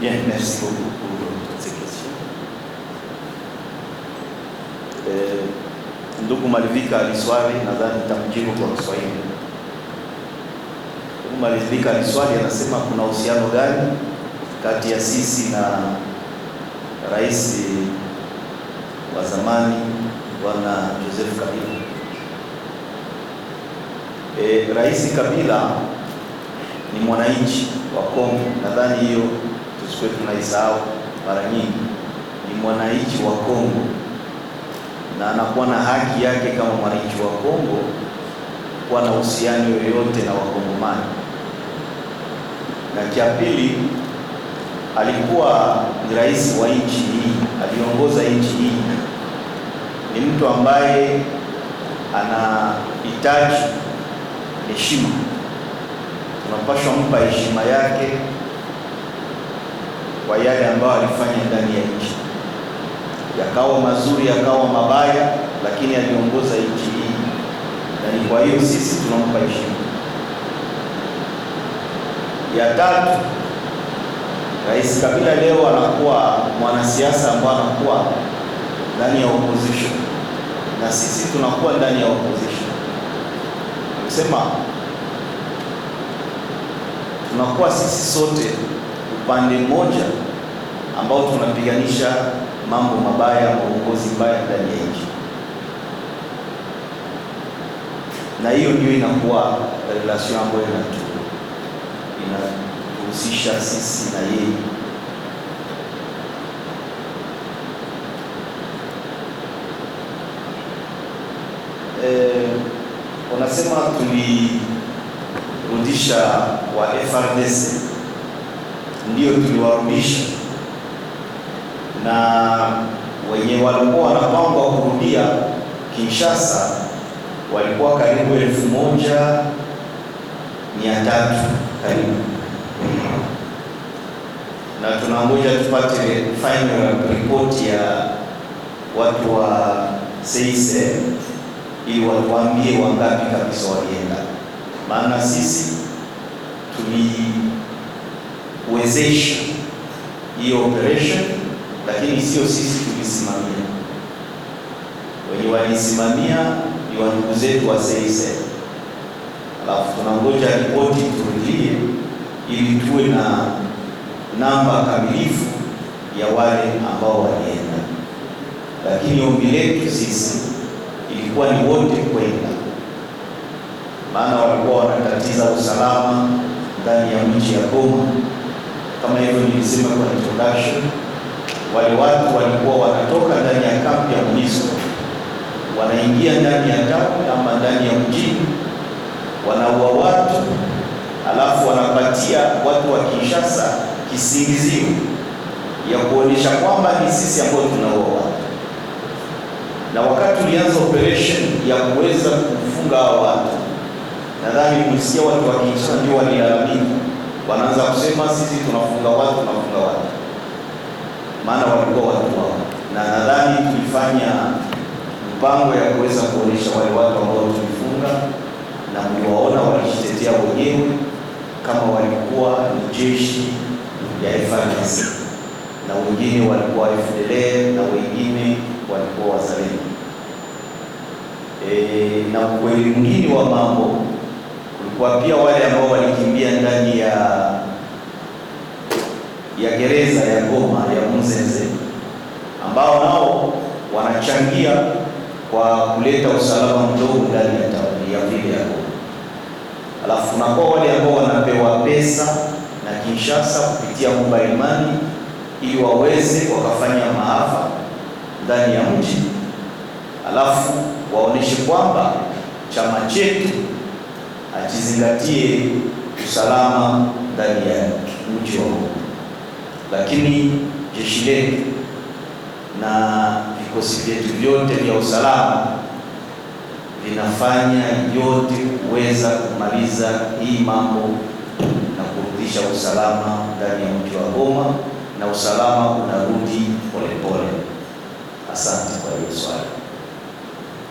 Bien, merci beaucoup pour toutes ces questions. Euh, ndugu Malivika aliswali, nadhani nitamjibu kwa Kiswahili. Ndugu Malivika aliswali, anasema kuna uhusiano gani kati ya sisi na rais wa zamani Bwana Joseph Kabila. E, Rais Kabila ni mwananchi wa Kongo, nadhani hiyo sio tunaisahau mara nyingi, ni mwananchi wa Kongo na anakuwa na haki yake kama mwananchi wa Kongo kuwa na uhusiano yoyote na Wakongomani. Na cha pili, alikuwa ni rais wa nchi hii, aliongoza nchi hii, ni mtu ambaye anahitaji heshima, tunapaswa mpa heshima yake kwa yale ambayo alifanya ndani ya nchi, yakawa mazuri, yakawa mabaya, lakini aliongoza nchi hii, na ni kwa hiyo sisi tunampa heshima. Ya tatu, Rais Kabila leo anakuwa mwanasiasa ambaye anakuwa ndani ya opposition na sisi tunakuwa ndani ya opposition, kusema tunakuwa sisi sote upande mmoja ambao tunapiganisha mambo mabaya, uongozi mbaya ndani ya nchi, na hiyo ndio inakuwa relation ambayo inahusisha sisi na yeye. Eh, wanasema tulirudisha wa FRDC ndio tuliwarudisha, na wenye walikuwa wanapangwa kurudia Kinshasa walikuwa karibu elfu moja mia tatu karibu, na tunangoja tupate final report ya watu wa seise ili watuambie wangapi kabisa walienda, maana sisi tuli kuwezesha hiyo operation, lakini sio sisi tulisimamia Wenye walisimamia ni wandugu zetu wa CIC, alafu tunangoja ripoti turudie, ili tuwe na namba kamilifu ya wale ambao walienda, lakini ombi letu sisi ilikuwa ni wote kwenda, maana walikuwa wanatatiza usalama ndani ya mji ya Goma kama hivyo nilisema kwa introduction, wale watu walikuwa wanatoka ndani ya kambi ya MONUSCO wanaingia ndani ya tauni ama ndani ya mjini, wanaua watu alafu wanapatia watu wa Kinshasa kisingizio ya kuonyesha kwamba ni sisi ambao tunaua watu. Na wakati tulianza operation ya kuweza kufunga hao watu, nadhani mlisikia watu wa Kinshasa ndio walilalamika wanaanza kusema sisi tunafunga watu, tunafunga watu, maana walikuwa watu wao, na nadhani tulifanya mpango ya kuweza kuonyesha wale watu ambao tulifunga, na mliwaona walijitetea wenyewe kama walikuwa ni jeshi ya FARDC na wengine walikuwa FDL na wengine walikuwa wazalendo. E, na kweli mwingine wa mambo kulikuwa pia wale ambao wali mzenze ambao nao wanachangia kwa kuleta usalama mdogo ndani ya tauni ya vile yako Alafu na kwa wale ambao wanapewa pesa na Kinshasa kupitia mobile money ili waweze wakafanya maafa ndani ya mji, alafu waoneshe kwamba chama chetu akizingatie usalama ndani ya mji wa lakini jeshi letu na vikosi vyetu vyote vya usalama vinafanya yote kuweza kumaliza hii mambo na kurudisha usalama ndani ya mji wa Goma, na usalama unarudi polepole. Asante kwa hiyo swali.